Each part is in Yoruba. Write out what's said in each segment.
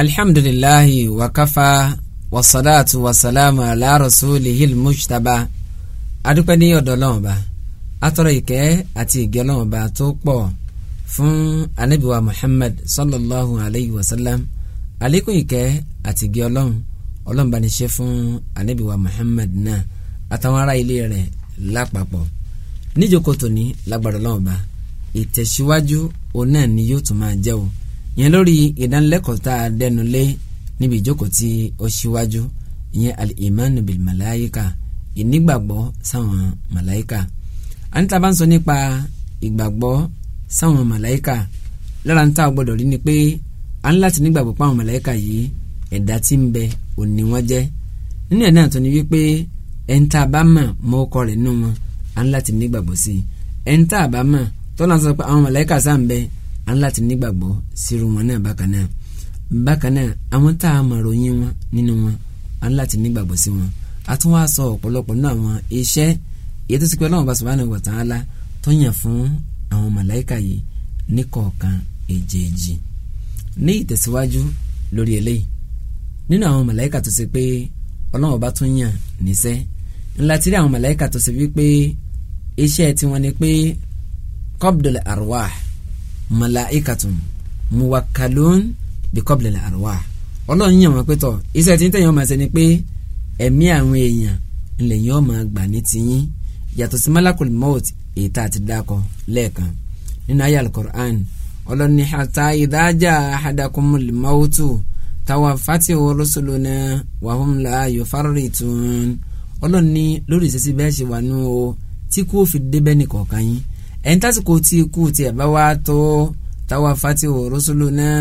alhamdulilahi wakafa wasalaatu wasalaamu ala rasulihi mujtaba adúpẹ́ ní ọ̀dọ̀ Ọlọ́run ba atọrọ ìkẹ́ àti ìgẹ́ Ọlọ́run ba tó pọ̀ fún anabiwa muhammad sallallahu alayhi wa sallam àlékún ìkẹ́ àti ìgẹ́ Ọlọ́run Ọlọ́run bá ní ṣe fún anabiwa muhammad náà àtàwọn ará ilé rẹ̀ lápapọ̀ níjókòó tòní lágbára Ọlọ́run ba ìtẹ̀síwájú òun ni yóò tún máa jẹ́ o ìyẹn lórí ìdánilẹ́kọ̀ọ́ tá a dẹnu lé níbi ìjókòó tí ó ṣíwájú ìyẹn al-imanu bil malayika ìnígbàgbọ́ sáwọn malayika anita bá ń sọ nípa ìgbàgbọ́ sáwọn malayika lára ń tá a gbọ́dọ̀ rí ni pé a ń láti nígbàgbọ́ pé àwọn malayika yìí ẹ̀dá tí ń bẹ òní wọn jẹ́ nínú ẹ̀ náà tó ni wípé ẹ̀ńtà bá mọ̀ mọ́ ọkọ rẹ̀ nínú wọn à ń láti nígbàgbọ́ sí i ẹ̀ńtà bá mọ̀ tọ́lá sọ pé àwọn màláíkà sáà ń bẹ á láti nígbàgbọ́ sírú wọn náà bákan náà bákan náà àwọn tá a mọ̀ ròyìn wọn nínú wọn á láti nígbàgbọ́ sí wọn a tún wá sọ ọ̀pọ̀lọpọ̀ náà àwọn iṣẹ́ èyí tó sì pé ọlọ́run bá subhanahu wa ta'ala tó yàn fún àwọn màláìka yìí níkọ̀ọ̀kan èjèèjì ní ìtẹ̀síwájú lórí eléyìí nínú àwọn màláìka tó ṣe pé ọlọ́run bá tún yàn níṣẹ́ ńlá rí àwọn màláìka tó ṣe wípé iṣẹ́ tiwọn ni pé qabdul arwah malaikatun muwakkalun bikọ́bìlẹ̀ àrùwà ọlọ́run yàn wọ́n pé tọ̀ iṣẹ́ tí ń tẹ̀yàn máa ṣe ni pé ẹ̀mí àwọn èèyàn lèyìn ọmọ àgbà ní tiyín yàtọ̀ sí malakul maut èyí tá a ti dákọ lẹ́ẹ̀kan nínú ayé alukur'an ọlọ́run ní hatta idha jaa ahadakumul mautu tawafati rusuluna wahum la yufarritun ọlọ́run ní lórí ìṣesí bẹ́ẹ̀ ṣe wà nù o tí kò fi débẹ́ nìkọ̀ọ̀kan yín ẹni tásìkò tí ikú tiẹ̀ bá wá tó táwa fati òrosolo náà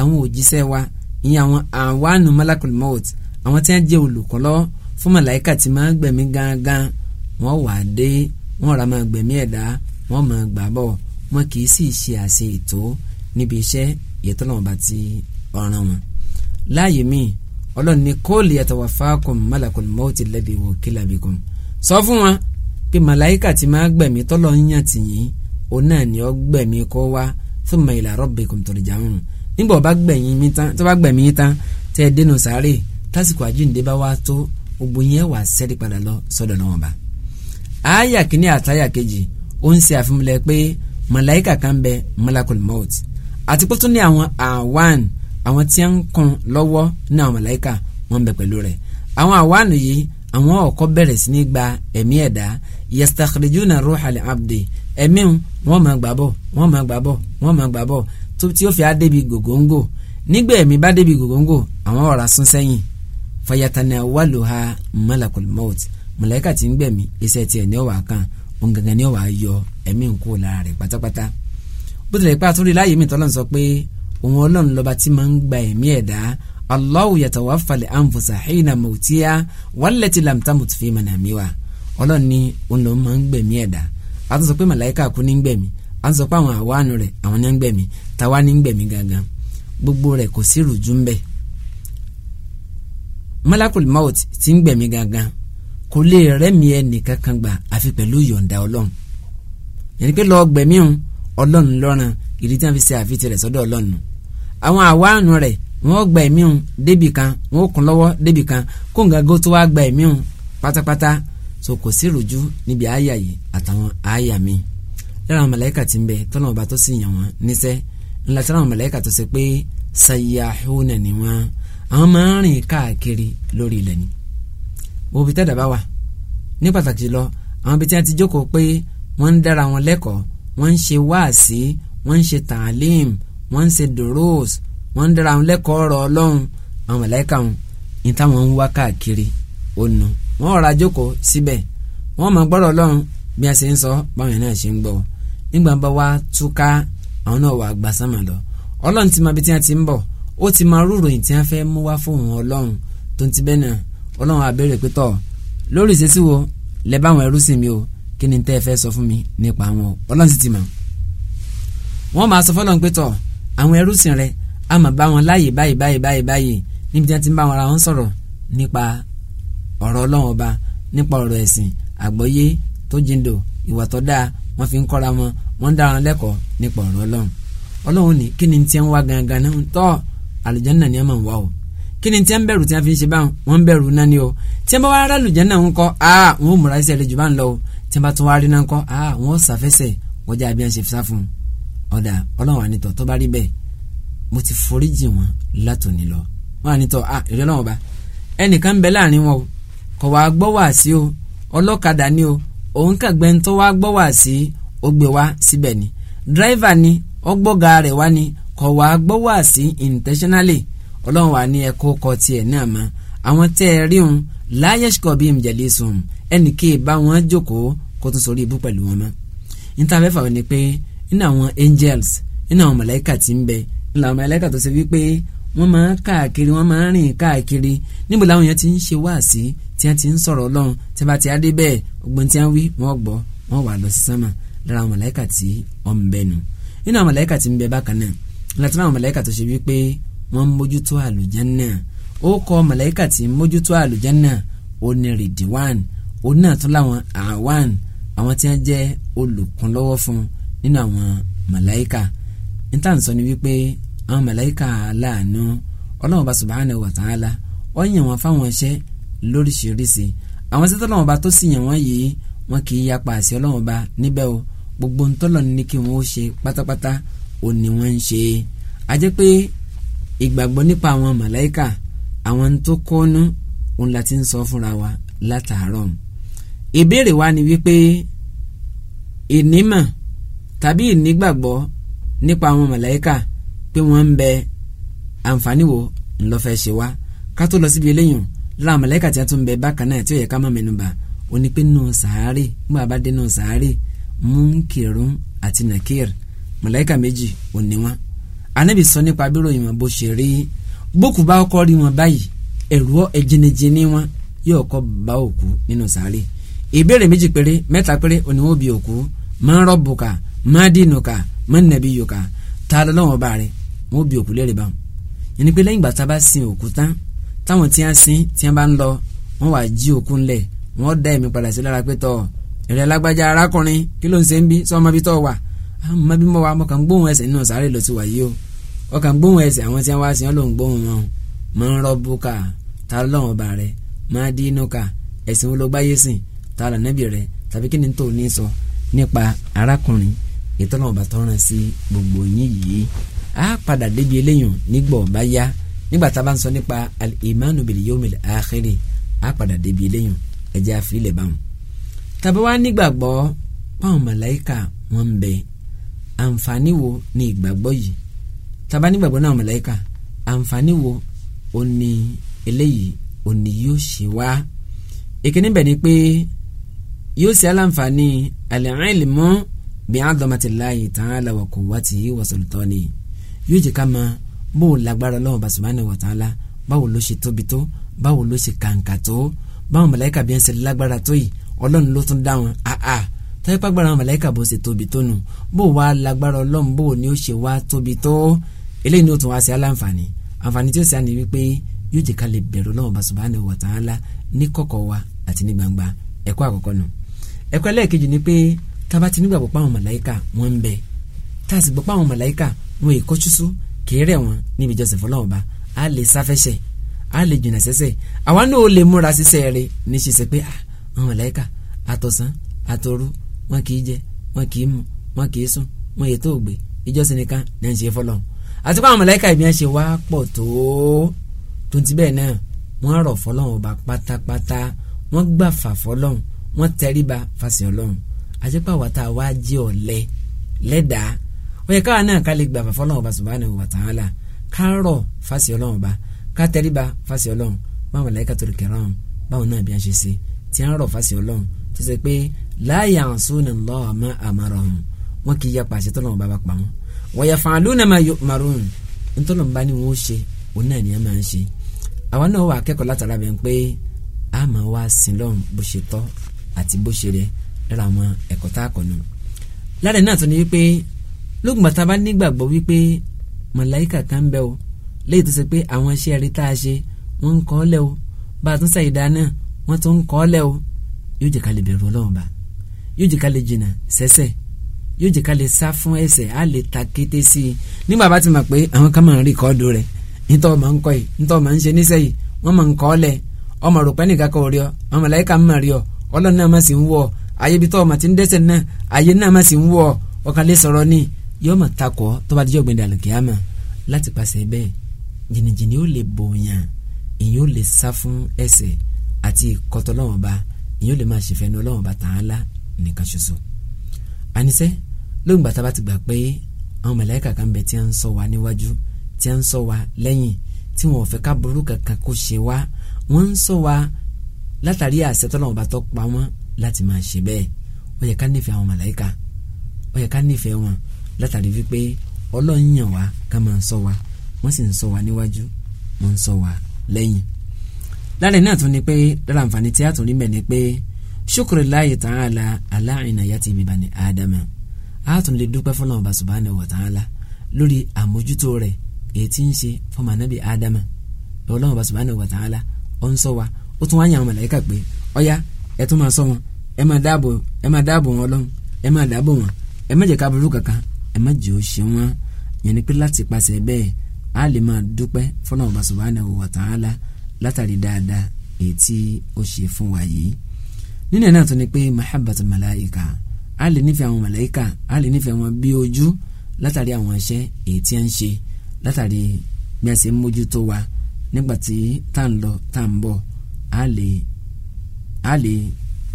àwọn òjíṣẹ́ wa ìyẹn àwọn àwọnù malakul maut àwọn tí wọ́n jẹ́ olùkọ́lọ́ fún màláìka tí máa ń gbẹ̀mí gángan wọ́n wà dé wọ́n rà máa gbẹ̀mí ẹ̀dá wọ́n máa gbà bọ̀ wọ́n kì í sì ṣe àṣe ètò níbi iṣẹ́ ìyẹ́tọ́ náà bá ti ọ̀ràn wọn. láàyè mi ọlọ́run kóòlì yatawafakum malakul maut alladhi wukila bikum sọ fún wọn pé màláìkà ti máa gbẹ̀mí tọ́lọ̀ ń yàn tì yín òun náà ni ó gbẹ̀mí kó wá fún mi ìlà rabbikum turja'un nígbà ó bá gbẹ̀yìn mi tán tó bá gbẹ̀mí yín tán tẹ́ ẹ dénú sáré tásìkò àjíǹde bá wá tó gbogbo yẹn wà sẹ́rí padà lọ sọ́dọ̀ náà wọn bá. àáyà kìíní àtàyà kejì ó ń ṣe àfihàn pé màláìkà kan bẹ malakul maut àti pé tó ní àwọn àwàn àwọn tí ń kun lọ́wọ́ ní àwọn màláìkà wọ́n bẹ pẹ̀lú rẹ̀ àwọn àwàn yìí àwọn ọ̀kọ́ bẹ̀rẹ̀ sí ní gba ẹ̀mí ẹ̀dá yastakhrijuna ruhal abdi ẹ̀mí wọn máa gbà bọ̀ wọn máa gbà bọ̀ wọn máa gbà bọ̀ tó tí ó fi á débi gògóńgò nígbà ẹ̀mí bá débi gògóńgò àwọn ọ̀rá sún sẹ́yìn fayatana wàlúhà malakul maut mọ̀lẹ́kà tí ń gbẹ̀mí iṣẹ́ tiẹ̀ ní ọ̀wà kan òun ní ọ̀wà yọ ẹ̀mí nkú lára pátápátá bó tilẹ̀ pé àtúndì láàyè mi tọ́lọ́ sọ pé òun ọlọ́run lọ́ba tí máa ń gba ẹ̀mí ẹ̀dá Allahu yatawaffal anfusa hina mawtiha wallati lam tamut fi manamiha ọlọ́run ni òun ló máa ń gbẹ̀mí ẹ̀dá a tún sọ pé màláìka kú ní gbẹ̀mí a sọ pé àwọn àwánu rẹ̀ àwọn ní gbẹ̀mí táwa ní gbẹ̀mí gangan gbogbo rẹ̀ kò sí rùjú ń bẹ̀. malakul maut ti ń gbẹ̀mí gangan kò lè rẹ́mi ẹnì kankan gbà àfi pẹ̀lú yọ̀ǹda ọlọ́run yẹn pé lọ́ọ́ gbẹ̀mí òun ọlọ́run lọ́ràn ìdí tí wọ́n fi ṣe àfitì rẹ̀ sọ́dọ̀ ọlọ́run àwọn àwánu rẹ̀ wọn gba ẹ̀mí hùn débì kan wọn kún lọ́wọ́ débì kan kó nǹkan gó tó wá gba ẹ̀mí hùn pátápátá so kò sí rújú níbi àyà yìí àtàwọn àyà mi lára àwọn màláíkà tí ń bẹ tọ́nà ọba tó sì yàn wọ́n níṣẹ́ ńlá tí àwọn màláíkà tó ṣe pé sayyahuna ni wọ́n àwọn máa ń rìn káàkiri lórí ilẹ̀ ni òbí tẹ́dà bá wà ní pàtàkì jùlọ àwọn ibi tí wọ́n ti jókòó pé wọ́n ń dára wọn lẹ́kọ̀ọ́ wọ́n ń ṣe wáàsí wọ́n ń ṣe tààlíìmù wọ́n ń ṣe dòrós wọ́n ń dara àwọn lẹ́kọ̀ọ́ ọ̀rọ̀ ọlọ́run àwọn mọ̀lẹ́kà wọn ní táwọn ń wá káàkiri ònu wọ́n ọ̀rọ̀ àjókòó síbẹ̀ wọ́n máa gbọ́rọ̀ ọlọ́run bí a ṣe ń sọ báwọn náà ṣe ń gbọ́ nígbà bá wá túká àwọn náà wà gbà sánmà lọ ọlọ́run ti mọ ibi tí a ti ń bọ̀ ó ti mọ rúurú ìtí a fẹ́ mú wá fóun ọlọ́run tó ti bẹ́ẹ̀ náà ọlọ́run àbẹ̀rẹ̀ pé lórí ìṣesí wo lẹ àmọ́ bá wọn láàyè báyìí báyìí báyìí báyìí níbi tí wọ́n ti ń bá wọn ra wọn sọ̀rọ̀ nípa ọ̀rọ̀ ọlọ́run ọba nípa ọ̀rọ̀ ẹ̀sìn àgbọ́yé tó jíndò ìwà tó dáa wọ́n fi ń kọ́ra wọn wọ́n ń dára wọn lẹ́kọ̀ọ́ nípa ọ̀rọ̀ ọlọ́run ọlọ́run ní kí ni tiẹ̀ ń wá gangan náà tọ́ àlùjánnà ni ẹ̀ máa ń wá o kí ni tiẹ̀ ń bẹ̀rù tí wọ́n fi ń ṣe báwọn wọ́n ń bẹ̀rù náà ni o tí wọ́n bá wá rà àlùjánnà ń aa wọ́n ò múra iṣẹ́ rẹ̀ jù bá ń lọ o tí wọ́n bá tún wá rí náà ń aa wọ́n ò sàfẹ́sẹ̀ wọ́n jẹ́ àbí wọ́n ṣe fi sá fún tó bá rí bẹ́ẹ̀ mo ti foríjì wọn látòní lọ wọn à ní tọ à ah, ìrẹ́ náà ọba ẹnìkan ń bẹ láàrin wọn o kò wá gbọ́ wá sí o ọlọ́kadà ni o òun kàn gbẹ́ wá gbọ́ wá sí ó gbé wá síbẹ̀ ni dírẹ́fà ni ọgbọ́gà rẹ̀ wá ni kò wá gbọ́ wá sí intentionally ọlọ́run wà ní ẹ̀kọ́ kọ tiẹ̀ náà mọ́ àwọn tẹ́ ẹ rí òun láyẹ̀ṣkọ̀ bíi ìjẹ̀lẹ̀ sùn ẹnì kí bá wọn jókòó kó tún sórí ibú pẹ̀lú wọn mọ́ níta wọn ni pé nínú àwọn angels nínú àwọn màláíkà tí ń bẹ làwọn ọmọ ẹlẹ́kàtọ́ ṣe wípé wọ́n máa ń káàkiri wọ́n máa ń rìn káàkiri níbo làwọn èèyàn ti ń ṣe wáàsí tí wọ́n ti ń sọ̀rọ̀ ọlọ́run tí wọ́n bá ti adé bẹ́ẹ̀ ọgbọ́n tí wọ́n wí wọ́n gbọ́ wọ́n wà lọ sí sánmà lára àwọn màláíkà tí wọ́n ń bẹ nu nínú àwọn màláíkà tí ń bẹ bákan náà láti láwọn màláíkà tó ṣe wípé wọ́n ń mójútó àlùjánnà ó kọ màláíkà ni wípé àwọn màláíkà láàánú ọlọ́run bá subhanahu wa ta'ala ó yàn wọ́n fáwọn iṣẹ́ lóríṣiríṣi àwọn sẹ́tọ́ ọlọ́run bá tó sì yàn wọ́n yìí wọ́n kì í yapa àṣẹ ọlọ́run bá níbẹ̀ o gbogbo ntọ́lọ̀ ní kí wọ́n ṣe pátápátá ò ní wọ́n ń ṣe a pé ìgbàgbọ́ nípa àwọn màláíkà àwọn tó kọ́nú òun la ti ń sọ fúnra wa látàárọ̀ ìbéèrè wa ni wípé ìnímọ̀ tàbí ìnígbàgbọ́ nípa àwọn màláíkà pé wọ́n ń bẹ àǹfààní wo ńlọ fẹ́ ṣe wá ká tó lọ síbi eléyìí lára mọ̀lẹ́kà tí a tún bẹ bákan náà tí ó yẹ ká má mẹ́nu bà ó ní pé nù sàárè mú abádé nù sàárè múnkìrún àti nàkìr mọ̀lẹ́kà méjì ò ní wọn. anábì sọ nípa bíròyìn wọn bó ṣe rí bókù bá kọ́ rí wọn báyìí ẹ̀rù ẹ̀jẹ̀nẹ̀jẹ̀ wọn yóò kọ́ bá òkú nínú sàárè ìbéèrè méjì péré mẹ́ta péré òníwó bí òkú máa ń rọ́bùkà máa dínùkà máa ń nàbí yòkà tá a lọ́wọ́ bá rẹ̀ wọn ò bí òkú lẹ́rìí báwọn yẹn ni pé lẹ́yìn ìgbà tá a bá sin òkú tán táwọn tí a sin tí a bá ń lọ wọn wàá jí òkú ńlẹ̀ wọn dá ẹ̀mí padà sí lára pé tọ́ ẹ̀rẹ́ lágbájá arákùnrin kí ló ń ṣe ń bí sọ́ọ́ mọ́bí tọ́ wà mọ́bí mọ́ wa mọ́ kàn gbóhùn ẹsẹ̀ nínú sàárè lọ sí wàyí o wọ́n kàn gbóhùn ẹsẹ̀ àwọn tí wọ́n á sin ọ́ gbóhùn wọn mọ́ ń rọ́bù ká ta ọba rẹ̀ sí gbogbo yín yìí á padà débi eléyìí nígbà ọba yá nígbà tá a bá ń sọ nípa al-imanu bil yawmil akhiri á padà débi eléyìí ẹjẹ àfilẹ̀ báwọn. tàbí wá nígbàgbọ́ páwọn màláìka wọn ń bẹ àǹfààní wo ni ìgbàgbọ́ yìí tàbá nígbàgbọ́ náà màláìka àǹfààní wo ó ní eléyìí ó ní yóò ṣe wá. ìkíní bẹ̀ ni pé yóò ṣe aláǹfààní al-ilmu bi 'azamatillahi ta'ala wa quwwatihi wa sultanihi yóò jẹ́ ká mọ bó lágbára Ọlọ́run bá subhanahu wa ta'ala báwo ló ṣe tóbi tó báwo ló ṣe kàǹkà tó báwọn màláíkà bí wọ́n ṣe lágbára tó yìí Ọlọ́run ló tún dá wọn táyé pàgbára àwọn màláíkà bó ṣe tóbi tó nù bó wá lágbára Ọlọ́run bó ni ó ṣe wá tóbi tó eléyìí ni ó tún wá sí aláǹfààní àǹfààní tí ó sì á ní wípé yóò jẹ́ ká lè bẹ̀rù Ọlọ́run bá subhanahu wa ta'ala ní kọ̀kọ̀ wa àti ní gbangba ẹ̀kọ́ àkọ́kọ́ nù ẹ̀kọ́ ẹlẹ́ẹ̀kejì ni pé tá bá ti nígbàgbọ́ ń bẹ tá a sì gbọ́ pé àwọn màláíkà wọn èkó túṣú kéré wọn níbi ìjọsìn fọlọ́wọ́n ba á lè sáfẹ́sẹ̀ á lè jìnnà sẹ́sẹ̀ àwa náà ó lè múra sísẹ́ rẹ ní ṣe ṣe pé ah, àwọn màláíkà àtọ̀sán àtòru wọn kì í jẹ wọn kì í mu wọn kì í sùn wọn ètò ògbé ìjọsìn nìkan ní à ń ṣe fọlọ́wọ́n àti pé àwọn màláíkà ìbí à ń ṣe wá pọ̀ tó tó ti bẹ́ẹ̀ náà wọ́n rọ̀ fọlọ́wọ́n ba pátápátá wọ́n gbà fà fọlọ́wọ́n wọ́n tẹríba fàṣẹ ọlọ́run àti pé àwa tá a jẹ́ ọ̀lẹ lẹ́dàá ó yẹ káwa náà ká lè gbà fọlọ́run ọba subhanahu wa ta'ala ká rọ̀ fásì ọlọ́run ọba ká tẹríba fásì ọlọ́run báwọn malaikatul kiram báwọn náà bí a ṣe ṣe tí a ń rọ̀ fásì ọlọ́run tó ṣe pé la ya'suna Allaha ma amarahum wọn kì í yapa àṣẹ tọ́lọ́run bá bá pa wọn wa yaf'aluna ma yu'marun náà ni a máa ń ṣe àwọn náà wà kẹ́kọ̀ọ́ látara bẹ̀ ń pé a máa wá sin lọ́run lókùnbà tá bá nígbàgbọ́ wípé màláìkà kan bẹ o léyìí tó ṣe pé àwọn iṣẹ́ rí tá a ṣe wọ́n ń kọ́ lẹ́ o bá a tún ṣe ìdá náà wọ́n tún ń kọ́ lẹ́ o yóò jẹ́ ká lè bẹ̀rù ọlọ́run bá yóò jẹ́ ká lè jìnnà sẹ́sẹ̀ yóò jẹ́ ká lè sá fún á lè ta kété sí i nígbà bá ti mọ̀ pé àwọn kan máa ń ọ rí yóò máa takọ̀ tó bá dijọ́ gbẹ̀dẹ̀ àlùkìyàmà láti pàṣẹ bẹ́ẹ̀ jìnnìjìnnì ó lè bòòyàn èyí ó lè sá fún ẹ̀ṣẹ̀ àti ìkọtọ lọ́wọ́n ba èyí ó lè máa ṣèfẹ́ nu lọ́wọ́n ba tààlà nìkan ṣoṣo. ànisẹ́ lóun gbàtà bá ti gbà pé àwọn màláíkà kan bẹ tí a ń ṣọ́ wa níwájú tí a ń ṣọ́ wa lẹ́yìn tí wọn ò fẹ́ ká burú kankan kó ṣe wá wọ́n ń ṣọ́ wa látàrí àṣẹ tọ́lọ́wọ́n bá tọ́ pa wọ́n láti máa ṣe bẹ́ẹ̀ ó yẹ ká nífẹ̀ẹ́ àwọn màláíkà ó yẹ ká nífẹ̀ẹ́ wọn látàrí wípé ọlọ́run yàn wá ká máa ṣọ́ wa wọ́n sì ń ṣọ́ wa níwájú wọ́n ń ṣọ́ wa lẹ́yìn. lára náà tún ni pé lára àǹfààní tí a tún rí mẹ́ ni pé ṣukuri láàyè ta'ala ala inayati bi bani adama a tún lè dúpẹ́ fọlọ́run ọba subhanahu wa ta'ala lórí àmójútó rẹ̀ èyí tí ń ṣe fọmọ anábì adama ọlọ́run ọba subhanahu wa ta'ala ó ń ṣọ́ wa ó tún wáyà àwọn màláíkà pé ọ̀yá ẹ tún máa ẹ má jẹ́ ó ṣe wọ́n yẹn ni pé láti pàṣẹ bẹ́ẹ̀ a lè máa dúpẹ́ fọ́nà ọba subhanahu wa ta'ala látàrí dáadáa èyí tí ó ṣe fún wa yìí nínú ẹ̀ náà tó ni pé mahabbatu malaika a lè nífẹ̀ẹ́ àwọn malaika a lè nífẹ̀ẹ́ wọn bí ojú látàrí àwọn iṣẹ́ èyí tí a ń ṣe látàrí bí a ṣe ń mójútó wa nígbà tí tá à ń lọ tá à ń bọ̀ a lè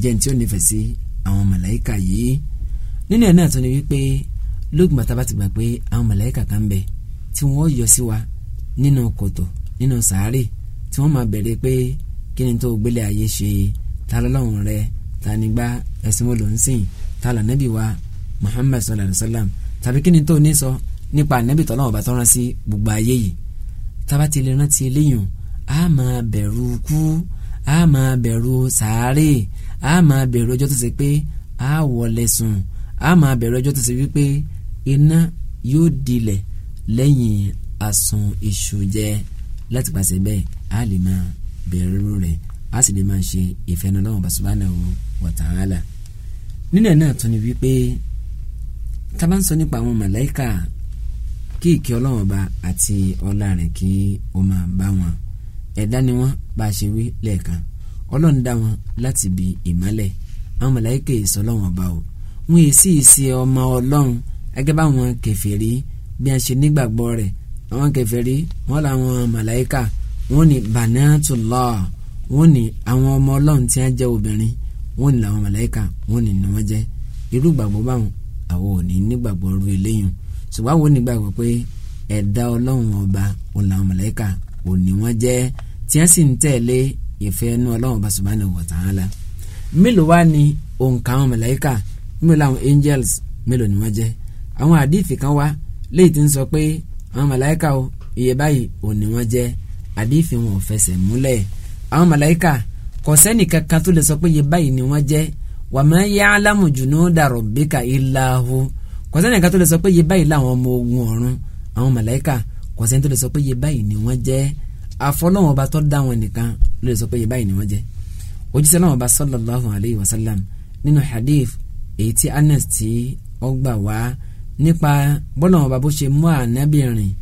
jẹ́ ní tí ó nífẹ̀ẹ́ sí àwọn malaika yìí nínú ẹ̀ náà tó ni wípé lóògùn bàtà bá ti gbà pé àwọn màláíkà kan ń tí wọ́n yọ sí wa nínú kòtò nínú sàárè tí wọ́n máa bẹ̀rẹ̀ pé kí ni tó gbélé ayé ṣe ta lọ́lọ́run rẹ ta ni gbá ẹ̀sìn wo ló ń sìn ta là nábì wa Muhammad sallallahu alayhi wa sallam tàbí kí ni tó ní sọ nípa ànábì tọ́lá ọ̀bà tó rán sí gbogbo ayé yìí tába ti lè rántí eléyìn a máa bẹ̀rù kú a máa bẹ̀rù sàárè a máa bẹ̀rù ọjọ́ tó ṣe pé a wọlé sùn a máa bẹ̀rù ọjọ́ tó ṣe wípé iná yóò dilẹ̀ lẹ́yìn asun iṣu jẹ láti pàṣẹ bẹ́ẹ̀ a lè máa bẹ̀rù rẹ̀ a sì lè máa ṣe ìfẹ́nu lọ́wọ́ basubana wa Ta'ala nínú ẹ̀ náà tún ni wípé tá bá ń sọ nípa àwọn màláìkà kí ìkẹ́ Ọlọ́run bá àti ọlá rẹ̀ kí ó máa bá wọn ẹ̀dá ni wọ́n bá a ṣe wí lẹ́ẹ̀kan Ọlọ́run dá wọn láti bi ìmọ́lẹ̀ àwọn màláìkà èso Ọlọ́run o wọn èsì ìsì ọmọ Ọlọ́run ẹgẹ́ bá wọn kèfèrí bí a ṣe nígbàgbọ́ rẹ̀ àwọn kèfèrí wọn làwọn màláìka wọn ni banatullah wọn ni àwọn ọmọ ọlọ́run tí wọ́n jẹ́ obìnrin wọn ni làwọn màláìka wọn ni ni wọ́n jẹ́ irú gbàgbọ́ báwọn àwọn ò ní nígbàgbọ́ ru eléyìí ṣùgbọ́n àwọn onígbàgbọ́ pé ẹ̀dá ọlọ́run ọba òun làwọn màláìka ò ní wọ́n jẹ́ tí wọ́n sì ń tẹ̀lé ìfẹ́ inú ọlọ́run ọba subhanahu wa ta'ala mélòó wá mélòó làwọn angels mélòó ni àwọn àdìsí kan wá léyìí tí ń sọ pé àwọn màláìka o iye báyìí ò ní wọ́n jẹ́ àdìsí wọn ò fẹsẹ̀ múlẹ̀ àwọn màláìka kò sẹ́nì kankan tó lè sọ pé iye báyìí ni wọ́n jẹ́ wa ma ya'lamu junuda rabbika illa hu kò sẹ́nì kankan tó lè sọ pé iye báyìí làwọn ọmọ ogun ọ̀run àwọn màláìka kò sẹ́ni tó lè sọ pé iye báyìí ni wọ́n jẹ́ àfọlọ́wọ́n ọba tó dá wọn nìkan ló lè sọ pé iye báyìí ni wọ́n jẹ́ òjíṣẹ́ náà ọba sallallahu alayhi wa sallam nínú hadith èyí tí Anas tí ó gbà nípa bọ́lá ọba bó ṣe mú ànábì rìn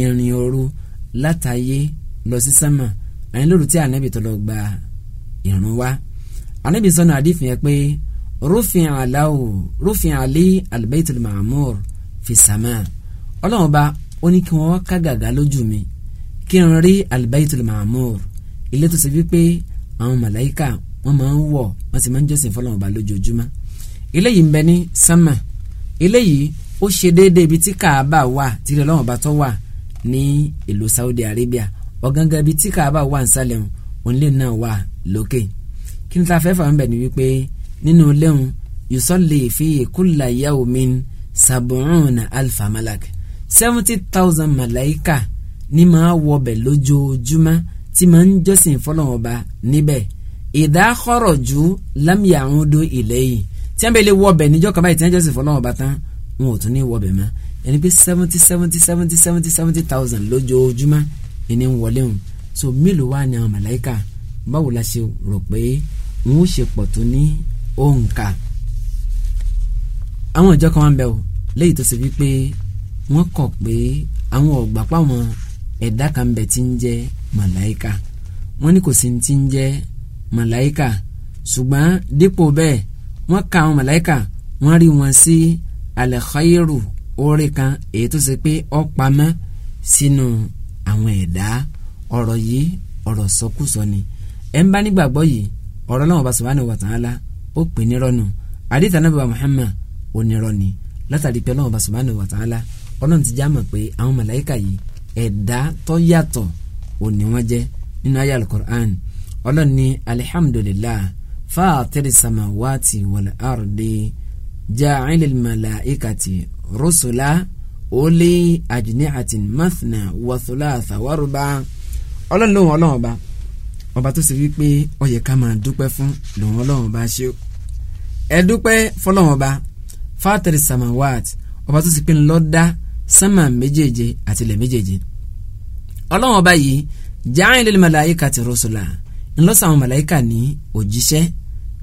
ìrìn òru látàyé lọ sí sánmà àyìn lóru tí ànábì tó lọ gba ìrun wá ànábì sọnù àdìfì yẹn pé rúfin aláwò rúfin alí albaitul ma'mur fi sàmà ọlọ́run ọba ó ní kí wọ́n ká gàgà lójú mi kí n rí albaitul ma'mur ilé tó ṣe wípé àwọn màláìka wọ́n máa ń wọ̀ wọ́n sì máa ń jọ́sìn fọlọ́run ọba lójoojúmọ́ eléyìí ń bẹ ní sánmà eléyìí ó ṣe déédéé ibi tí Kaaba wà tìrẹ lọ́wọ́n bá tọ́ wà ní ìlú Saudi Arabia ọ̀gángan ibi tí Kaaba wà ń sálẹ̀ òun lè náà wà lókè kí ni ta fẹ́ fà ń bẹ̀ ni wípé nínú lẹ́hùn yusolli fi kulla yawmin sab'una alfa malak seventy thousand malaika ni máa wọbẹ̀ lójoojúmọ́ tí máa ń jọ́sìn fọlọ́wọ́n ba níbẹ̀ ìdá kọ́rọ̀ ju lámìyàrún do ilẹ̀ yìí tí wọ́n bẹ lè wọbẹ̀ níjọ́ kan báyìí tí tán wọn ò tún ní wọbẹ̀ mọ́ ẹni pé seventy seventy seventy seventy seventy thousand lójoojúmọ́ ẹni ń wọlé wọn so mélòó wà ní àwọn màláìka báwo la ṣe rò pé wọn ó ṣe pọ̀ tó ní òǹkà àwọn ìjọ kan wá ń bẹ o léyìí tó ṣe fi pé wọ́n kọ̀ pé àwọn ọ̀gbà páwọn ẹ̀dá kan bẹ tí ń jẹ́ màláìka wọ́n ní kò sí ti ń jẹ́ màláìka ṣùgbọ́n dípò bẹ́ẹ̀ wọ́n ka àwọn màláìka wọ́n rí wọn sí. Si alẹ́kọ́yìrù orí kan èyí tó ṣe pé ó pamọ́ sínú àwọn ẹ̀dá ọ̀rọ̀ yìí ọ̀rọ̀ sọkúsọ ni ẹ̀ ń bá nígbàgbọ́ yìí ọ̀rọ̀ náà ọba subhanahu wa ta'ala ó pè nírọ̀nù àdìtà náà bàbá Muhammad ó nírọ̀nì látàrí pé ọlọ́run ọba subhanahu wa ta'ala ọlọ́run ti já mọ̀ pé àwọn màláìkà yìí ẹ̀dá tó yàtọ̀ òní wọ́n jẹ́ nínú ayé al-Qur'an ọlọ́run ní alihamdulilah fàtẹ́rì samawati ja'ilil malaikati rusula uli ajni'atin mathna wa thulatha wa ruba' ọlọ́run lóhùn ọlọ́run ọba ọba tó ṣe wípé ó yẹ ká máa dúpẹ́ fún lòun ọlọ́run ọba ṣe ó ẹ dúpẹ́ fọlọ́run ọba fátẹ̀rì samawat ọba tó ṣe pé ńlọ dá sámà àti ilẹ̀ méjèèje ọlọ́run ọba yìí jáàyìn lẹ́nu màláyíkà ńlọ́sàn àwọn màláyíkà ní òjíṣẹ́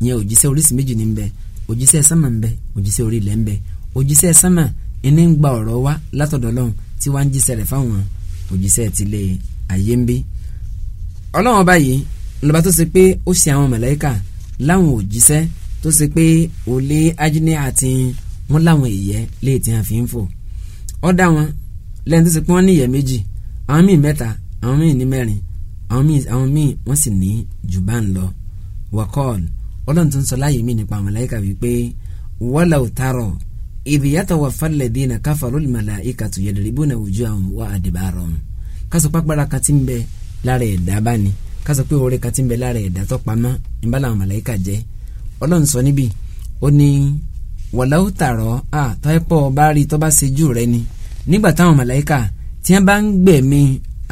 ìyẹn òjíṣẹ́ oríṣi méjì ní bẹ́ẹ̀ òjíṣẹ́ sánmà ń bẹ òjíṣẹ́ orí ilẹ̀ ń bẹ òjíṣẹ́ sánmà ẹni ń gba ọ̀rọ̀ wá látọ̀dọ̀ Ọlọ́run tí wàá ń jíṣẹ́ rẹ̀ fáwọn òjíṣẹ́ tilé ayé ń bí. Ọlọ́run ọba yìí lọ́ba tó ṣe pé ó ṣe àwọn màláíkà láwọn òjíṣẹ́ tó ṣe pé òlé ajíní àti wọn láwọn ìyẹ́ léè tí wọn fi ń fò ó dá wọn lẹ́yìn tó ṣe pé wọ́n ní ìyẹ́ méjì àwọn míì mẹ́ta àwọn míì ní mẹ́rin àwọn míì wọ́n sì ní jù bá ń lọ wakọ́ọ̀lù ọlọ́run tó ń sọ láàyè mí nípa màláíkà wípé walau taro idh yatawaffa alladhina kafaru al-malaikatu yadribuna wujuhahum wa adbarahum kásọ pápára kan ti ń bẹ lára ẹ̀dá bá ni kásọ pé oore kan ti ń bẹ lára ẹ̀dá tó pamọ́ ìbá làwọn màláíkà jẹ́ ọlọ́run sọ níbí ó ní walau taro à tọ́ẹ́pọ̀ bá rí tó bá ṣe jù rẹ ni nígbà táwọn màláíkà tí wọ́n bá ń gbẹ̀mí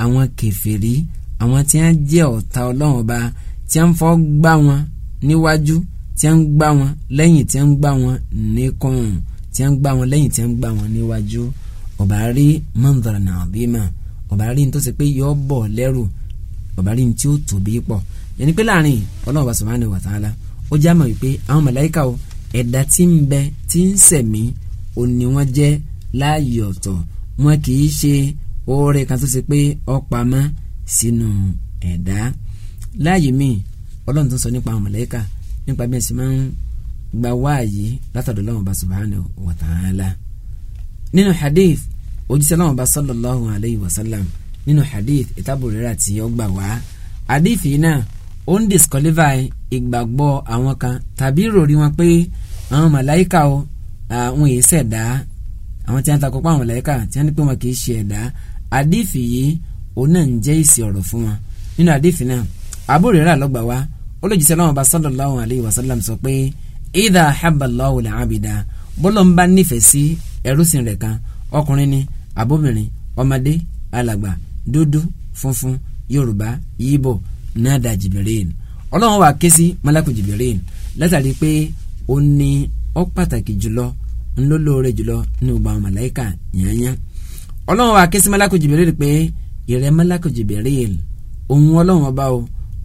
àwọn kèfèrí àwọn tí wọ́n jẹ́ ọ̀tá ọlọ́run ọba tí wọ́n fọ́ gbá wọn níwájú tí ń gbá wọn lẹ́yìn tí ń gbá wọn nìkan tí ń gbá wọn lẹ́yìn tí ń gbá wọn níwájú ọba rí mọ́ndàrà náà bí mà ọba rí nítorí pé yọ bọ̀ lẹ́rù ọba rí ní tí ó tóbi pọ̀ yẹnni pé láàrin ọlọ́run bá subhanahu wa ta'ala ó já mọ̀ wípé àwọn màláíkà o ẹ̀dá tí ń bẹ tí ń sẹ̀mí òní wọn jẹ́ láàyè ọ̀tọ̀ wọn kì í ṣe oore kan tó ṣe pé ọ̀pamọ́ sínú ẹ̀dá láàyè míì ọlọ́run tó sọ nípa àwọn mọ̀lẹ́kà nípa bí ẹ̀sìn máa ń gba wáàyè látọ̀dọ̀ Ọlọ́run bá subhanahu wa ta'ala nínú hadith òjíṣẹ́ Ọlọ́run bá sallallahu alayhi wa sallam nínú hadith ìtàbùrẹ́rẹ́ àti ọgbà wá hadith yìí náà ó ń disqualify ìgbàgbọ́ àwọn kan tàbí ròrí wọn pé àwọn màláìka o àwọn èyí ṣẹ̀dá àwọn tí wọ́n ta kópa àwọn màláìka tí wọ́n ní pé wọn kì í ṣe ẹ̀dá yìí òun náà ń jẹ́ ìsì ọ̀rọ̀ fún wọn nínú hadith náà àbúrò rẹ̀ lọ́gbà wá olójúṣe lọ́wọ́n bá sallallahu alayhi wa sallam sọ pé idha habba Allahu al-abida bọ́lọ̀ ń bá nífẹ̀ẹ́ sí ẹrúsìn rẹ̀ kan ọkùnrin ni àbóbìnrin ọmọdé alàgbà dúdú funfun yorùbá yíbò nàdà jìbìrín ọlọ́wọ́n wà ké sí malaku jìbìrín látàrí pé ó ní ó pàtàkì jùlọ ńlọlọrẹ jùlọ ní ọgbà màláìka yányá ọlọ́wọ́n wà ké sí malaku jìbìrín pé ìrẹ́ malaku jìbìrín òun ọlọ́wọ́n bá o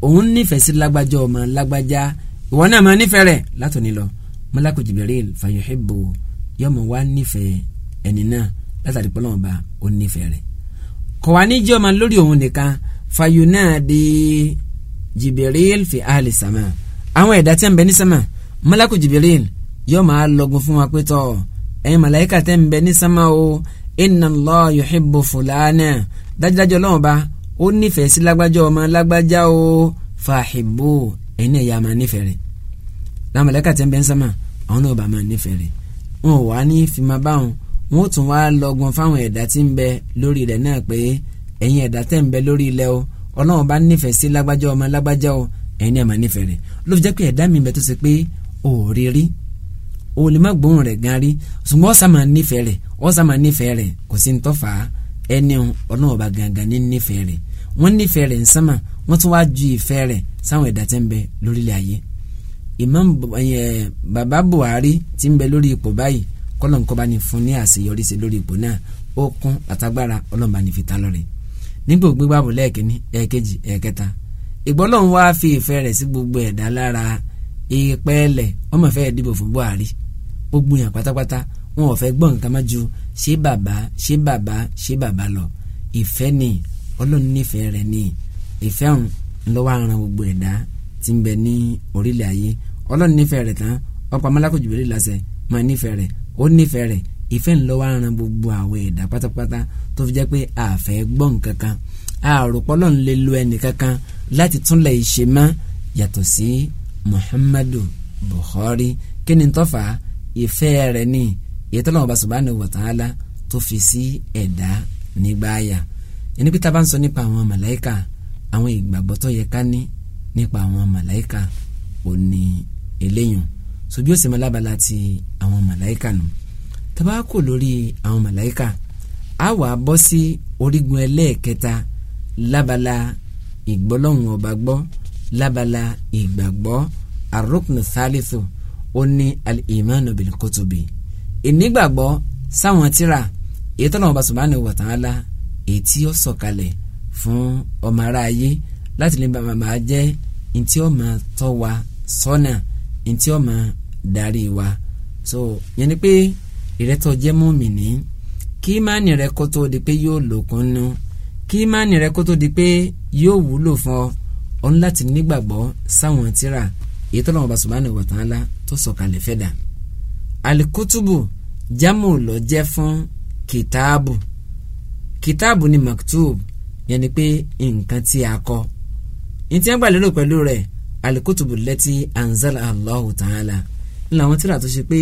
òun nífẹ̀ẹ́ sí lágbájá ọmọ lágbájá ìwọ náà máa nífẹ̀ẹ́ rẹ̀ látòní lọ mọ́lákù Jibril fàyọ̀hìbò yọmọ wa nífẹ̀ẹ́ ẹni náà látàrí pé bá ó nífẹ̀ẹ́ rẹ̀ kọ̀ wá ní jẹ́ ọmọ lórí òun nìkan fàyọ̀ náà di Jibril fi àlè sàmà àwọn ẹ̀dá tí a ń bẹ ní sàmà mọ́lákù Jibril yóò máa lọ́gun fún wa pé tọ́ ẹ̀yin màláyíkà tẹ́ ń bẹ ní sánmà o inna Allah yuhibbu fulana dájúdájú ọlọ́run ó nífẹ̀ẹ́ sí lágbájá ọmọ lágbájá o fàhìbò ẹ̀yin náà yà máa nífẹ̀ẹ́ rẹ̀ làwọn mọ̀lẹ́kà tí ń bẹ ń sámà àwọn náà bá máa nífẹ̀ẹ́ rẹ̀ wọn ò wá ní fìmà báwọn wọn ó tún wá lọ́gbọ́n fáwọn ẹ̀dá tí ń bẹ lórí rẹ̀ náà pé ẹ̀yin ẹ̀dá tẹ̀ ń bẹ lórí ilẹ̀ o ọlọ́run bá nífẹ̀ẹ́ sí lágbájá ọmọ lágbájá o ẹ̀yin náà máa nífẹ̀ẹ́ rẹ̀ ló fi jẹ́ pé ẹ̀dá mi gan rí ṣùgbọ́n wọ́n nífẹ̀ẹ́ rẹ̀ nsánmà wọ́n tún wá ju ìfẹ́ rẹ̀ sáwọn ẹ̀dá tẹ́ ń bẹ lórílẹ̀ ayé Imam baba eh, Buhari ti ń bẹ lórí ipò báyìí kọ́lọ̀ nǹkan bá ní fún ní àṣeyọrí sí lórí ipò náà ó kún àtagbára ọlọ́mọba ní fìtá lọ́rẹ̀ nígbà gbígbàbọ̀ lẹ́ẹ̀kínní ẹ̀ẹ̀kejì ẹ̀ẹ̀kẹta ìgbọ́lọ́hún wá fi ìfẹ́ rẹ̀ sí gbogbo ẹ̀dá lára ìpẹ́ẹ́lẹ̀ wọ́n mọ̀ fẹ́ dìbò fún Buhari gbogbo yàn pátápátá wọn ò fẹ́ gbọ́ nǹkan má ju ṣé bàbá ṣé bàbá ṣé bàbá lọ ìfẹ́ nìyí ọlọ́run nífẹ̀ẹ́ rẹ̀ ni ìfẹ́ òun ńlọ́wọ́ àrùn gbogbo ẹ̀dá tí ń bẹ ní orílẹ̀ ayé ọlọ́run nífẹ̀ẹ́ rẹ̀ tán ọ̀pọ̀ amálákò jùbẹ́rẹ́ lásẹ̀ máa nífẹ̀ẹ́ rẹ̀ ó nífẹ̀ẹ́ rẹ̀ ìfẹ́ ńlọ́wọ́ àrùn gbogbo àwọn ẹ̀dá pátápátá tó fi jẹ́ pé àfẹ́ gbọ́n kankan àròpọ̀ ọlọ́run lè lo ẹnì kankan láti túnlẹ̀ ìṣe mọ́ yàtọ̀ sí Muhammadu Buhari kí ni tọ́fà ìfẹ́ rẹ̀ ni ìyẹ́tọ́lọ́wọ́ bá Subhanahu wa Ta'ala tó fi sí ẹ̀dá nígbáyà ẹni pé tá a bá ń sọ nípa àwọn màláìka àwọn ìgbàgbọ́ tó yẹ ká ní nípa àwọn màláìka ò ní eléyìn so bí ó sì máa lábala ti àwọn màláìka nù tá a bá kò lórí àwọn màláìka á wàá bọ́ sí orígun ẹlẹ́ẹ̀kẹta lábala ìgbọ́lọ́hùn ọba gbọ́ lábala ìgbàgbọ́ arúgbìn thalithu ó ní al-imanu bil ìnígbàgbọ́ sáwọn tírà èyí tọ́lọ́wọ́n bá subhanahu wa ta'ala ètí ó sọ̀kalẹ̀ fún ọmọ ara ayé láti lè bàbà máa jẹ́ ntí ó máa tọ́ wa sọ́nà ntí ó máa darí wa so yẹn ni pé ìrẹ́tọ̀ jẹ́ mùmínì kí ìmánì rẹ kó tó di pé yóò lòkun nu kí ìmánì rẹ kó tó di pé yóò wúlò fún ọ ọ̀n láti nígbàgbọ́ sáwọn tíra èyí tó lọ́wọ́ bá subhanahu wa ta'ala tó sọ̀kalẹ̀ fẹ́ dà alikutubu jamu ló jẹ́ fún kìtáàbù kìtáàbù ni maktub yẹn ni pé nǹkan tí a kọ ní tí gbà lérò pẹ̀lú rẹ̀ alikutubu lẹ́tí anzala allahu ta'ala ńlá àwọn tíra tó ṣe pé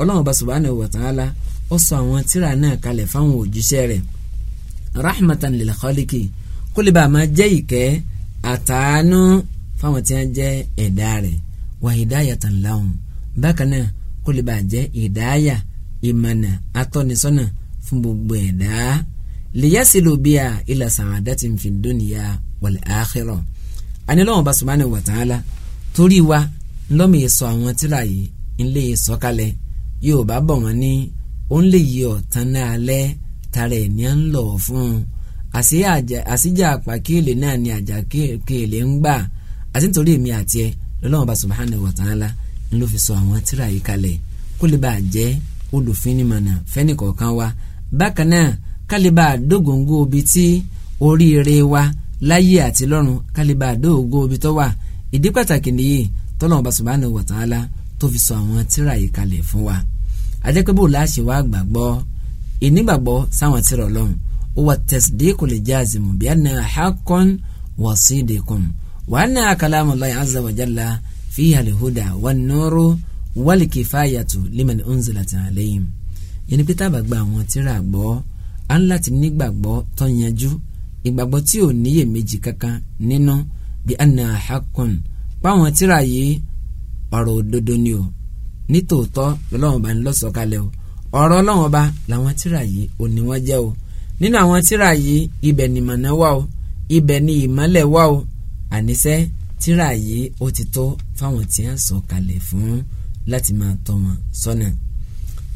ọlọ́run bá subhanahu wa ta'ala ó sọ àwọn tíra náà kalẹ̀ fáwọn òjíṣẹ́ rẹ̀ rahmatan lil khaliki kó lè bá a máa jẹ́ ìkẹ́ àtàánú fáwọn tí wọ́n jẹ́ ẹ̀dá rẹ̀ wà hidayatan lahum bákan náà kó lè ìdáyà ìmọ̀nà atọ́nisọ́nà fún gbogbo ẹ̀dá lìyásílò bíi ila ilà sàádàtì fi dúnìyà wal akhirah anilọ́wọ́n bá subhanahu wa ta'ala torí wa ńlọ́mọ èso àwọn tíra yìí ńlẹ́ èso kalẹ̀ yóò bá bọ̀ wọ́n ní ó ń lè yí ọ̀tán náà lẹ́ tara ẹ̀ ní à ń lọ̀ fún un àsíjà àpàkéèlè náà ni àjà kéèlè ń gbà àti nítorí èmi àti ẹ lọ́lọ́wọ́n bá subhanahu wa ta'ala ńlọ fi sọ àwọn tíra yìí kalẹ̀ kó lè bàa fẹ́nìkọ̀ọ̀kan wa bákan náà kálíbà dógóńgó ibi tí oríire wa láyé àti lọ́run kálíbà dógóńgó ibi tó wà ìdí pàtàkì nìyí tọ́lọ́run bá subhanahu wa ta'ala tó fi sọ àwọn tírà yìí kalẹ̀ fún wa àjẹpẹ́bò láṣẹ wa gbàgbọ́ ìnígbàgbọ́ sáwọn tírà ọlọ́run ó wà tasdiqu li jazimu bí anna haqqan wa sidqun wa anna kalamullahi azza wa jalla fiha al-huda wan-nuru wal-kifayatu liman unzilat alayhim yẹn ni pété àbàgbà àwọn tírà gbọ́ á ń láti nígbàgbọ́ tó yanjú ìgbàgbọ́ tí ò níyè méjì kankan nínú bí anna hakun páwọn tíra yìí ọ̀rọ̀ òdodo ni o nítòótọ́ lọ́wọ́n bá ń lọ sọ̀kalẹ̀ o ọ̀rọ̀ lọ́wọ́n bá làwọn tíra yìí ò ní wọ́n jẹ́ o nínú àwọn tíra yìí ibẹ̀ ni mọ̀nà wà o ibẹ̀ ni ìmọ́lẹ̀ wà o àníṣẹ́ tíra yìí ó ti tó fáwọn tí a sọ̀kalẹ̀ fún láti máa tọ́ wọn sọ́nà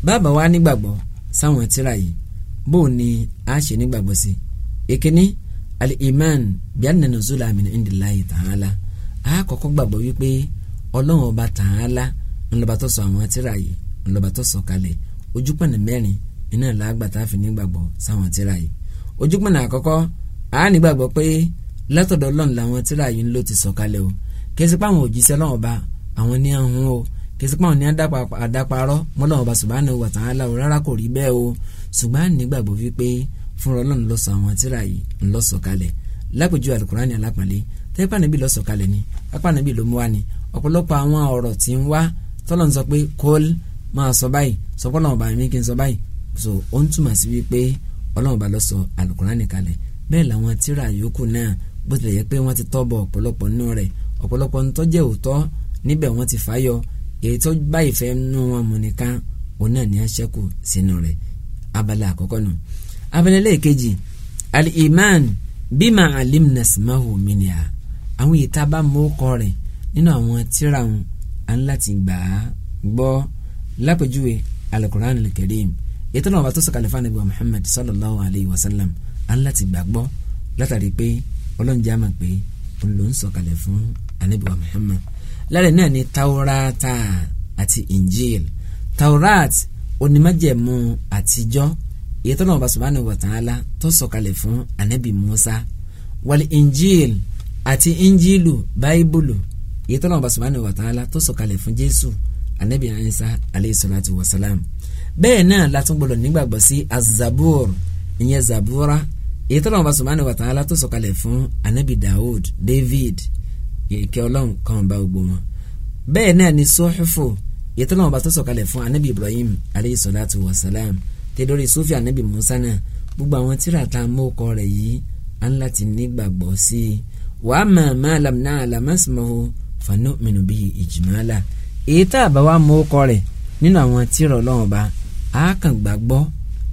bàbá wa nígbàgbọ́ sáwọn tíra yìí bó ni a ṣe nígbàgbọ́ sí ìkíní al-iman bi anna nuzula min indillahi ta'ala a kọ́kọ́ gbàgbọ́ wípé ọlọ́run ọba ta'ala ńlọba tó sọ àwọn àtìrà yìí ńlọba tó sọ kalẹ̀ ojúpọ̀nà mẹ́rin iná làágbàtà fi nígbàgbọ́ sáwọn àtìrà yìí ojúpọ̀nà àkọ́kọ́ a nígbàgbọ́ pé látọ̀dọ̀ ọlọ́run làwọn àtìrà yìí ńlọ ti sọ kalẹ̀ o kí àwọn òjíṣẹ́ ọlọ́run ọba àwọn ní ahun o kìsìpọ̀n ní àdàparọ́ mọ́lá ọba subhanahu wa ta'ala o rárá kò rí bẹ́ẹ̀ o ṣùgbọ́n nígbàgbọ́ wípé fúnra ọlọ́run ló sọ àwọn tírà yìí ńlọ sọ̀kalẹ̀ lápèjú alukurani alápàlẹ́ tẹ́pà níbi lọ sọ̀kalẹ̀ ni apá níbi ló mú wa ni ọ̀pọ̀lọpọ̀ àwọn ọ̀rọ̀ tí ń wá tọ́lọ̀ ń sọ pé kọ́l máa sọ báyìí sọpọ́nà ọba mi kí n sọ báyìí so ó ń túmọ̀ sí wípé ọlọ́run ọba ló sọ alukurani kalẹ̀ bẹ́ẹ̀ làwọn tírà yòókù náà bó tilẹ̀ yẹ pé wọ́n ti tọ́ bọ ọ̀pọ̀lọpọ̀ nínú rẹ̀ ọ̀pọ̀lọpọ̀ ń tọ́jẹ́ òótọ́ níbẹ̀ wọ́n ti fàáyọ èyí tó bá ìfẹ́ nú wọn mu nìkan òun náà ní aṣẹ́kù sínú rẹ̀ abala àkọ́kọ́ nù abala lẹ́ẹ̀kejì al-iman bima alimna ismahu minha àwọn ìta bá mú kọ rẹ̀ nínú àwọn tíra wọn à ń láti gbà á gbọ́ lápèjúwe al-Qur'an al-Karim náà wà tó sọ̀kalẹ̀ fún anabiwa Muhammad sallallahu alayhi wa sallam à ń láti gbà gbọ́ látàrí pé ọlọ́njẹ́ àmà pé òun ló ń sọ̀kalẹ̀ fún anabiwa Muhammad lára náà ni taurata àti injil taurat onímájẹ̀mú àtijọ́ èyí tó náà bá subhanahu wa ta'ala tó sọ̀kalẹ̀ fún anabi musa wàlí injil àti injilu báíbùlù èyí tó náà bá subhanahu wa ta'ala tó sọ̀kalẹ̀ fún jésù anabi ansa alayhi salatu wa salam bẹ́ẹ̀ náà látún gbọdọ̀ nígbàgbọ́ sí azabur ìyẹn zabura èyí tó náà bá subhanahu wa ta'ala tó sọ̀kalẹ̀ fún anabi daoud david ìkẹ́ ọlọ́run kan bá gbogbo wọn. bẹ́ẹ̀ náà ni sọ́fífò ètò náà bá tó sọ̀kalẹ̀ fún anabi ibrahim aleyhi salatu wa salam tẹ lórí sufi anabi musa náà gbogbo àwọn tíra tá a mọ ọkọ rẹ̀ yìí á ń láti nígbàgbọ́ sí i wà á mọ̀ àmọ́ àlàmúná àlàmásìmọ́hó fanu mìíràn bíi ìjìmọ́lá èyí tá a bá wà mọ ọkọ rẹ̀ nínú àwọn tíra ọlọ́run bá a kàn gbàgbọ́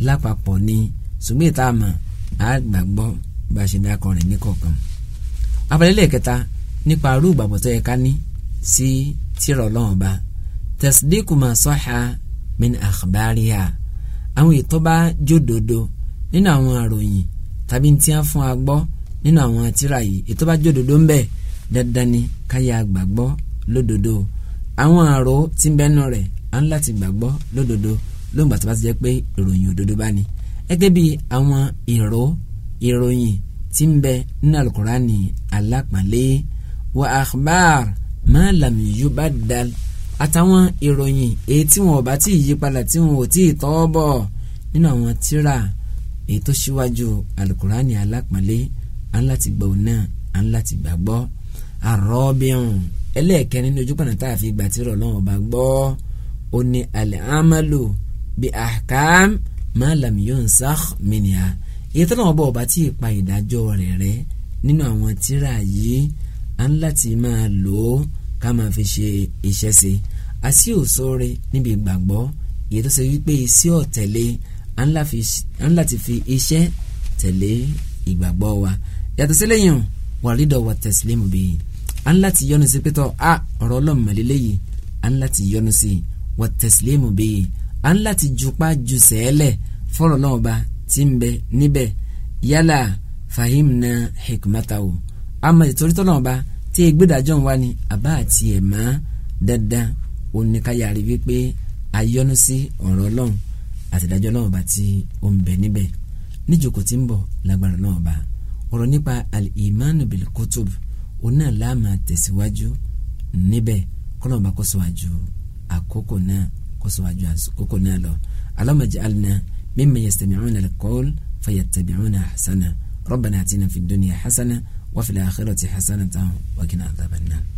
lápapọ̀ ni ṣùgbọ́n ìta nípa arú ìgbàgbọ́ tó yẹ ká ní sí tírà Ọlọ́run Ọba tasdiku ma sahha min akhbariha àwọn ètò bá jódodo nínú àwọn àròyìn tàbí tí a fún wa nínú àwọn tírà yìí ètò bá jódodo ń bẹ dandan ni káyà gbàgbọ́ lódodo àwọn àrò tí ń bẹ́nu rẹ̀ à ń láti gbàgbọ́ lódodo lóńgbà tó bá ti jẹ́ pé ìròyìn òdodo bá ní gẹ́gẹ́ bí àwọn ìró ìròyìn tí ń bẹ nínú Al-Qur'ani alápàlẹ́ wa akhbar ma lam yubaddal àtàwọn ìròyìn èyí tí wọn ò bá tí ì yí padà tí wọn ò tí ì tọ́ bọ̀ nínú àwọn tírà èyí tó ṣíwájú alukurani alápọ̀nlé à ń náà à gbàgbọ́ àrọ́bìrún ẹlẹ́ẹ̀kẹrin ní ojúpọ̀nà tá a fi gbà tírà Ọlọ́hun bá gbọ́ ó ní alẹ́ amalu bi akam ma lam yunsakh minha èyí tó náà bọ̀ ọba tí ì pa ìdájọ́ rẹ̀ rẹ́ nínú àwọn tírà yìí à ń láti máa lò ó ká máa fi ṣe iṣẹ́ sí i a sì ò sóore níbi ìgbàgbọ́ èyí tó ṣe wípé sí ọ̀tẹ̀lé à ń láti fi iṣẹ́ tẹ̀lé ìgbàgbọ́ wa yàtọ̀ sílẹ̀ yìí wà rídọ̀ wà bíi à ń láti yọnu sí pétọ́ a ọ̀rọ̀ ọlọ́mọlélẹ́ yìí à ń láti yọnu sí wà tẹ̀sílẹ̀mù bíi à ń láti jupá ju sẹ́ẹ̀lẹ̀ fọ́rọ̀ náà ọba tí ń bẹ níbẹ̀ yálà fahimna hikmatawo àmọ́ ìtorí tọ́lọ́wọ́n bá tí egbèdàjọ́ ń wá ni àbá àti ẹ̀mọ́ dandan oníkayà rí wípé ayọ́nu sí ọ̀rọ̀ ọlọ́run àtìdájọ́ náà bá ti ó ń bẹ níbẹ̀ níjòkó tí ń bọ̀ lágbára náà bá ọ̀rọ̀ nípa al-imanu bil kutub òun náà láàmà tẹ̀síwájú níbẹ̀ kọ́nà bá kóso àjò àkókò náà kóso àjò àkókò náà lọ Allahumma ij'alna mimman yastami'una al-qawl fayattabi'una ahsana rabbana atina fid dunya hasana. وفي الآخرة حسنة وكنا عذاب النار